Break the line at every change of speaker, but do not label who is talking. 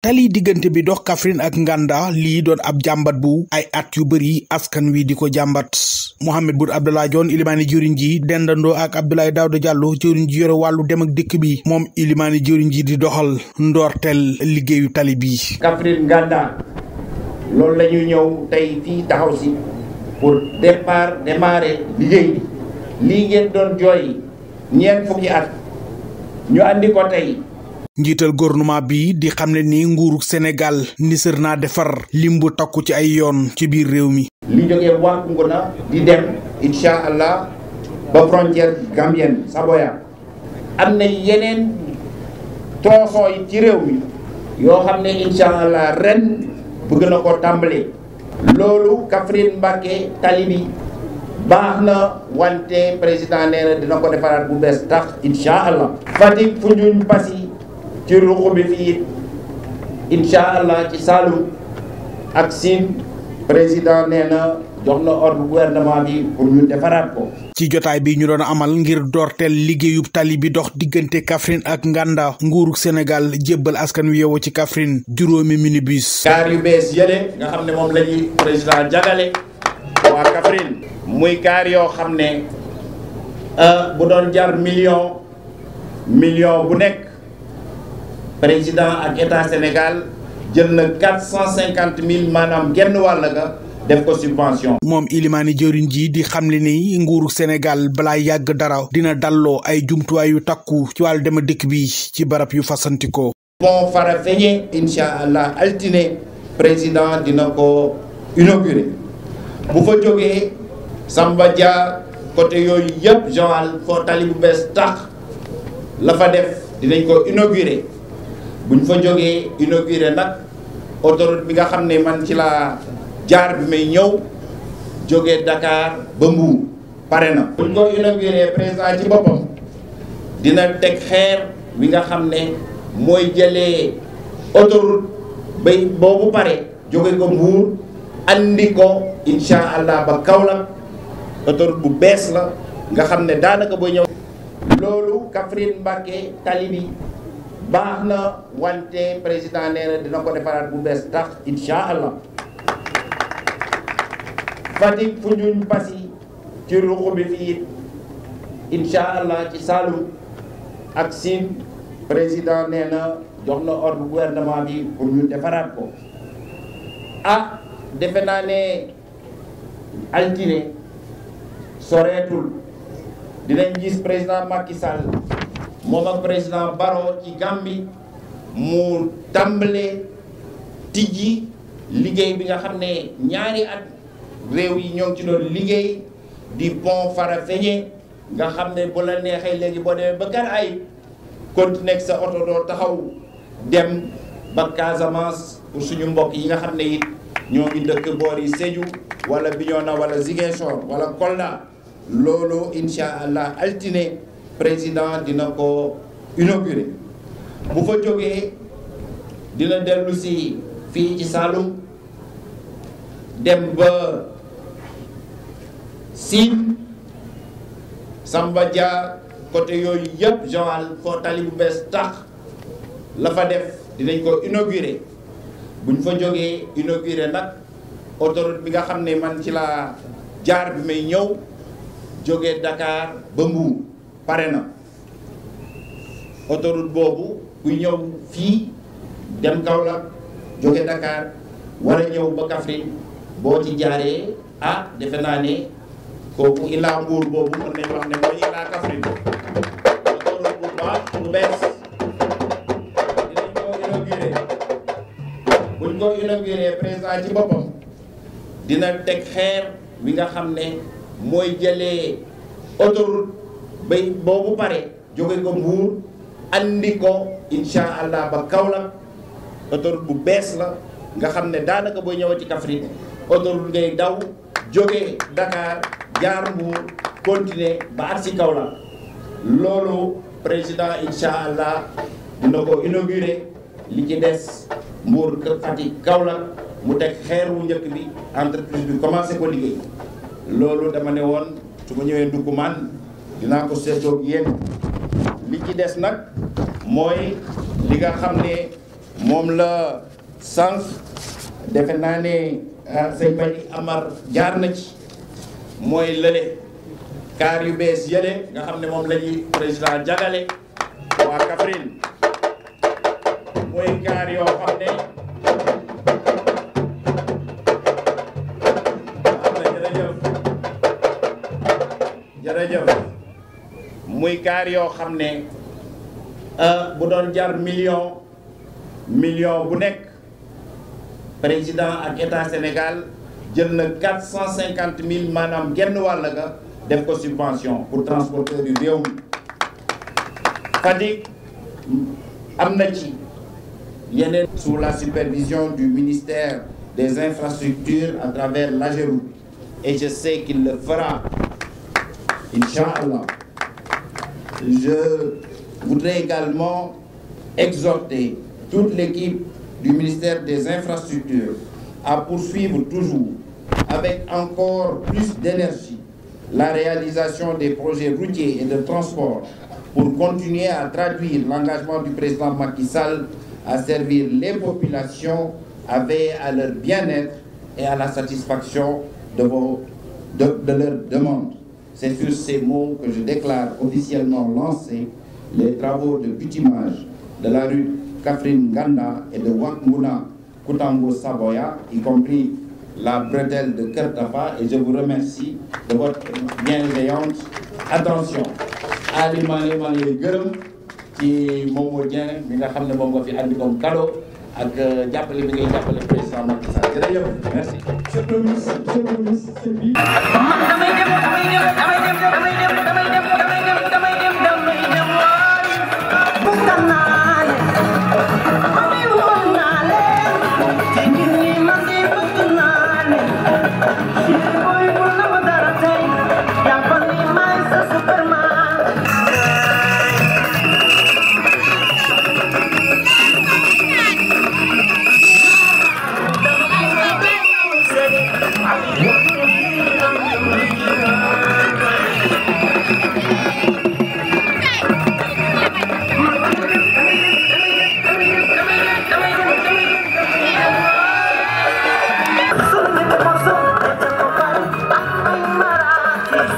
tali diggante bi dox Kaffrine ak Nganda lii doon ab jàmbat bu ay at yu bari askan wi di ko jàmbat Mohamed Boun Abdallah Dionne ilimaani jëwriñ ji dendandoo ak Abdoulaye Daouda Diallo jëwriñ ji yore wàllu dem ak dikk bi moom ilimaani jëwriñ ji di doxal ndoorteel liggéeyu tali bi
Kaffrine Nganda loolu la ñëw tey fii taxaw si pour départ démarrer liggéey bi lii ngeen doon jooy ñeent fukki at
ñu andi ko tey njiital gouvernement bi di xam ne ni nguuru Sénégal nisër na defar lim bu takku ci ay yoon ci biir réew mi.
li jógee Wakunguna di dem incha allah ba frontière gambienne Saboya am na yeneen tronçon yi ci réew mi yoo xam ne incha allah ren bëgg na ko tàmbalee. loolu Kaffrine Mbacké tali bi baax na wante président nee na dina ko defaraat bu bees tax incha allah. Fatick Foundiougne Passy. ci ruq bi fii incha allah ci Saloum ak Sine président nee
jox na ordre gouvernement bi pour ñu defaraat ko. ci jotaay bi ñu doon amal ngir doorteel liggéeyub tali bi dox diggante kafrin ak Nganda nguurug senegal jébbal askan wi ci kafrin juróomi minibus. gaar yu bees
yële nga xam ne moom la président jagale waa Kaffrine. muy gaar yoo xam ne euh, bu doon jar million million bu nekk. président ak état
Sénégal jël na quatre cent cinquante mille maanaam genn wàll nga def ko subvention. moom Ilimani jëriñ ji di xamle ni nguuru Sénégal balaa yàgg dara dina dalloo ay jumtuwaay yu takku ci wàll dema dëkk bi ci barab yu fasantikoo.
moo fara feñe incha allah altine président dina ko inauguré bu fa jógee Samba Dia côté yooyu yëpp Joal foo tali bu bees tax la fa def dinañ ko inauguré. buñ ñu fa jógee inauguré nag autoroute bi nga xam ne man ci laa jaar bi may ñëw jógee dakaar ba Mbour pare na. bu ñu ko inauguré président ci boppam dina teg xeer wi nga xam ne mooy jëlee autoroute bay boobu pare jóge ko Mbour andi ko incha allah ba Kaolack autoroute bu bees la nga xam ne daanaka booy ñëw. loolu Kaffrine Mbacké tali bi. baax na wante président nee dina ko defaraat bu bees tax incha allah Fatick fu ñuñ pasi ci ruqu bi fii incha allah ci Saloum ak Sine président nee na jox na ordre gouvernement bi pour ñu defaraat ko ah defe naa ne altine soreetul dinañ gis président Macky Sall moom ak président Barrow ci Gambie mu tàmbalee tijji liggéey bi nga xam ne ñaari at réew yi ñoo ngi ci doon liggéey di pont Farafenni nga xam ne bu la neexee léegi boo demee ba Gat Ayib continuer ak sa oto doo taxaw dem ba Casamance pour suñu mbokk yi nga xam ne it ñoo ngi dëkk boor yi Sédhiou wala Bignona wala Ziguinchor wala Kolda loolu incha allah altine. président dina ko inauguré bu fa jógee dina dellu si fii ci Saloum dem ba Sine Samba Dia côté yooyu yëpp Joal foo tali bu bees tax la fa def dinañ ko inauguré buñ fa jógee inauguré nag autoroute bi nga xam ne man ci laa jaar bi may ñëw jógee Dakar ba Mbour pare na autoroute boobu ku ñëw fii dem Kaolack jóge Dakar war a ñëw ba Kaffrine boo ci jaaree ah defe naa ne kooku ilaa Mbour boobu mën nañu wax ne mooy ilaa Kaffrine autoroute bu baax bu bees dinañ ko inauguré buñ ko inauguré président ci boppam dina teg xeer wi nga xam ne mooy jëlee autoroute bay boobu paree jóge ko mbuur andi ko insha allah ba Kaolack autoroute bu bees la nga xam ne daanaka booy ñëwee ci Kaffrine autoroute ngay daw jóge Dakar jaar mbuur continuer ba at si Kaolack loolu président insha allah dina ko inauguré li ci des mbuur Fatick Kaolack mu teg xeer wu njëkk bi entreprise bi commencé ko liggéey loolu dama ne woon su ma ñëwee Ndoukoumane dinaa ko seetoog yéen li ci des nag mooy li nga xam ne moom la sànq defe naa ne ah, sëñ Badi Amar jaar na ci mooy lële kaar yu bees yële nga xam ne moom la président jagale waa Kaffrine mooy kaar yoo xam ne jërëjëf jërëjëf muy kaar yoo xam ne euh, bu doon jar million million bu nekk président ak état Sénégal jël na quatre cent cinquante mille maanaam genn wàll ga def ko subvention pour transporteur yu réew mi am na ci yeneen sous la supervision du ministère des infrastructures à travers l'AGEROUTE et je sais qu'il le fera Inch'Allah Je voudrais également exhorter toute l'équipe du ministère des Infrastructures à poursuivre toujours avec encore plus d'énergie la réalisation des projets routiers et de transport pour continuer à traduire l'engagement du président Macky Sall à servir les populations, à veiller à leur bien-être et à la satisfaction de, vos, de, de leurs C'est sur ces mots que je déclare officiellement lancés les travaux de bitumage de la rue Catherine Ganda et de Wakmuna Koutango Saboya, y compris la bretelle de Kertafa, et je vous remercie de votre bienveillante attention. Ali Mane Mane Gërëm ci moom moo Dieng mi nga xam ne moom nga fi andi comme cadeau ak euh, jàppale bi ngay président Macky jërëjëf merci. monsieur le ministre monsieur le ministre sëñ bi. man
damay dem damay dem damay dem damay dem damay dem damay dem damay dem damay dem waay.